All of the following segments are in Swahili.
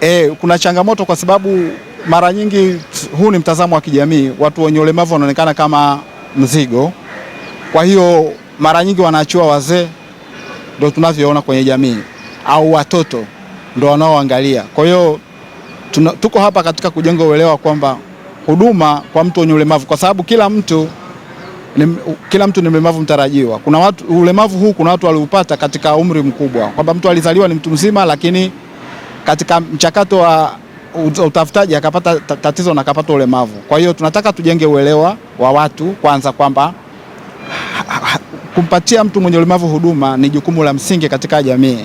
E, kuna changamoto kwa sababu mara nyingi huu ni mtazamo wa kijamii. Watu wenye ulemavu wanaonekana kama mzigo, kwa hiyo mara nyingi wanaachiwa wazee, ndio tunavyoona kwenye jamii, au watoto ndio wanaoangalia. Kwa hiyo tuko hapa katika kujenga uelewa kwamba huduma kwa mtu wenye ulemavu, kwa sababu kila mtu ni, kila mtu ni mlemavu mtarajiwa. Kuna watu ulemavu huu, kuna watu waliupata katika umri mkubwa, kwamba mtu alizaliwa ni mtu mzima, lakini katika mchakato wa utafutaji akapata tatizo na akapata ulemavu. Kwa hiyo tunataka tujenge uelewa wa watu kwanza kwamba kumpatia mtu mwenye ulemavu huduma ni jukumu la msingi katika jamii,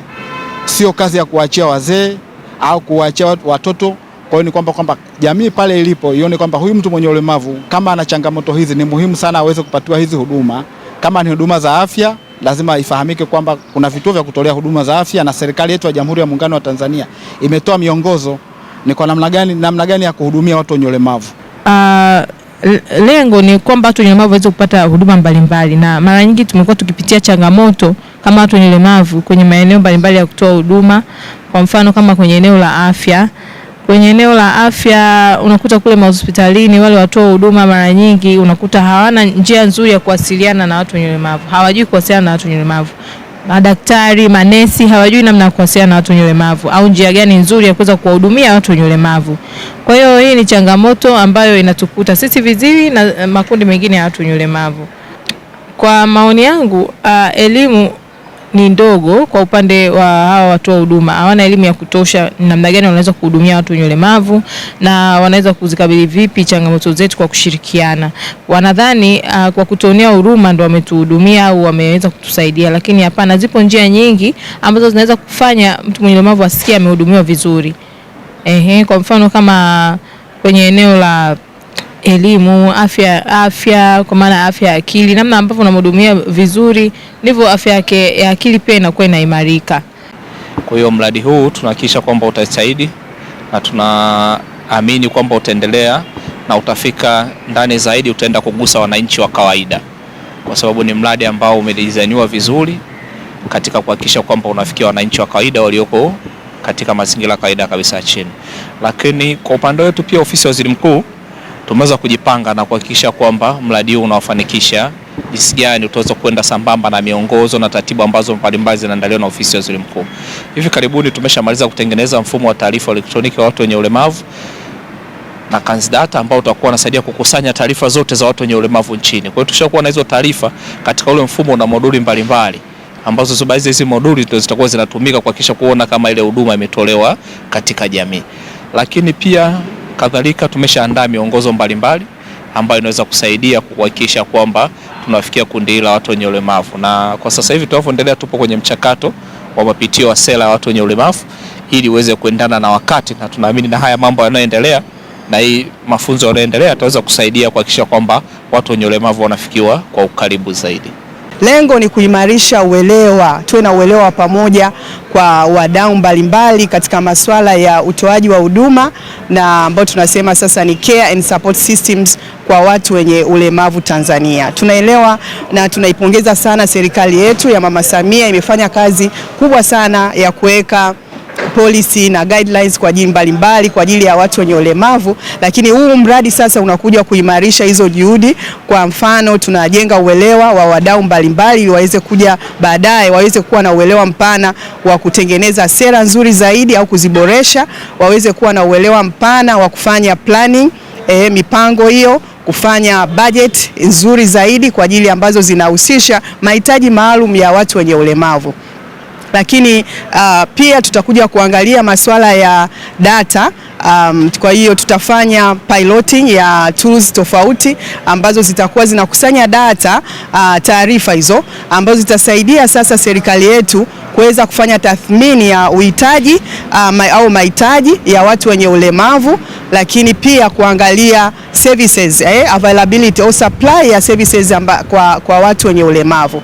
sio kazi ya kuwaachia wazee au kuwaachia watoto. Kwa hiyo ni kwamba kwamba jamii pale ilipo ione kwamba huyu mtu mwenye ulemavu kama ana changamoto hizi, ni muhimu sana aweze kupatiwa hizi huduma, kama ni huduma za afya lazima ifahamike kwamba kuna vituo vya kutolea huduma za afya na serikali yetu ya Jamhuri ya Muungano wa Tanzania imetoa miongozo ni kwa namna gani, namna gani ya kuhudumia watu wenye ulemavu. Uh, lengo ni kwamba watu wenye ulemavu waweze kupata huduma mbalimbali, na mara nyingi tumekuwa tukipitia changamoto kama watu wenye ulemavu kwenye maeneo mbalimbali ya kutoa huduma, kwa mfano kama kwenye eneo la afya Kwenye eneo la afya unakuta kule mahospitalini wale watoa huduma mara nyingi unakuta hawana njia nzuri ya kuwasiliana na watu wenye ulemavu, hawajui kuwasiliana na watu wenye ulemavu. Madaktari, manesi hawajui namna ya kuwasiliana na watu wenye ulemavu au njia gani nzuri ya kuweza kuwahudumia watu wenye ulemavu. Kwa hiyo hii ni changamoto ambayo inatukuta sisi viziwi na makundi mengine ya watu wenye ulemavu. Kwa maoni yangu, uh, elimu ni ndogo kwa upande wa hawa wa huduma, hawana elimu ya kutosha namna gani wanaweza kuhudumia watu wenye ulemavu na wanaweza kuzikabili vipi changamoto zetu kwa kushirikiana. Wanadhani uh, kwa kutuonea huruma ndo wametuhudumia au wameweza kutusaidia, lakini hapana, zipo njia nyingi ambazo zinaweza kufanya mtu mwenye ulemavu asikie amehudumiwa vizuri. Ehe, kwa mfano kama kwenye eneo la elimu afya afya kwa maana afya ya akili, namna ambavyo unamhudumia vizuri, ndivyo afya yake ya akili pia inakuwa inaimarika. Kwa hiyo mradi huu tunahakikisha kwamba utasaidi na tunaamini kwamba utaendelea na utafika ndani zaidi, utaenda kugusa wananchi wa kawaida, kwa sababu ni mradi ambao umedizainiwa vizuri katika kuhakikisha kwamba unafikia wananchi wa kawaida walioko katika mazingira kawaida kabisa ya chini. Lakini kwa upande wetu pia ofisi ya waziri mkuu tumeweza kujipanga na kuhakikisha kwamba mradi huu unawafanikisha jinsi gani utaweza kwenda sambamba na miongozo na taratibu ambazo mbalimbali zinaandaliwa na ofisi ya waziri mkuu. Hivi karibuni tumeshamaliza kutengeneza mfumo wa taarifa elektroniki wa watu wenye ulemavu na kanzi data ambao utakuwa unasaidia kukusanya taarifa zote za watu wenye ulemavu nchini. Kwa hiyo tushakuwa na hizo taarifa katika ule mfumo na moduli mbalimbali ambazo baadhi hizi moduli ndio zitakuwa zinatumika kuhakikisha kuona kama ile huduma imetolewa katika jamii, lakini pia Kadhalika tumeshaandaa miongozo mbalimbali ambayo inaweza kusaidia kuhakikisha kwamba tunafikia kundi la watu wenye ulemavu, na kwa sasa hivi tunavyoendelea, tupo kwenye mchakato wa mapitio wa sera ya watu wenye ulemavu ili uweze kuendana na wakati, na tunaamini na haya mambo yanayoendelea na hii mafunzo yanayoendelea yataweza kusaidia kuhakikisha kwamba watu wenye ulemavu wanafikiwa kwa ukaribu zaidi. Lengo ni kuimarisha uelewa, tuwe na uelewa wa pamoja kwa wadau mbalimbali katika masuala ya utoaji wa huduma na ambao tunasema sasa ni care and support systems kwa watu wenye ulemavu Tanzania. Tunaelewa na tunaipongeza sana serikali yetu ya Mama Samia, imefanya kazi kubwa sana ya kuweka policy na guidelines kwa ajili mbalimbali kwa ajili ya watu wenye ulemavu, lakini huu mradi sasa unakuja kuimarisha hizo juhudi. Kwa mfano, tunajenga uelewa wa wadau mbalimbali ili waweze kuja baadaye waweze kuwa na uelewa mpana wa kutengeneza sera nzuri zaidi au kuziboresha, waweze kuwa na uelewa mpana wa kufanya planning eh, mipango hiyo kufanya budget nzuri zaidi kwa ajili ambazo zinahusisha mahitaji maalum ya watu wenye ulemavu lakini uh, pia tutakuja kuangalia masuala ya data. Um, kwa hiyo tutafanya piloting ya tools tofauti ambazo zitakuwa zinakusanya data uh, taarifa hizo ambazo zitasaidia sasa serikali yetu kuweza kufanya tathmini ya uhitaji uh, ma au mahitaji ya watu wenye ulemavu, lakini pia kuangalia services eh, availability au supply ya services amba, kwa, kwa watu wenye ulemavu.